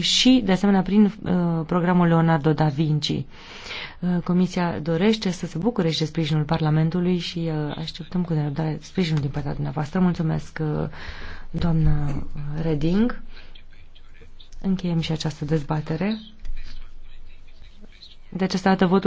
și, de asemenea, prin uh, programul Leonardo da Vinci. Uh, Comisia dorește să se bucure și de sprijinul Parlamentului și uh, așteptăm cu nerăbdare sprijinul din partea dumneavoastră. Mulțumesc, doamna Reding. Încheiem și această dezbatere. De deci, această dată votul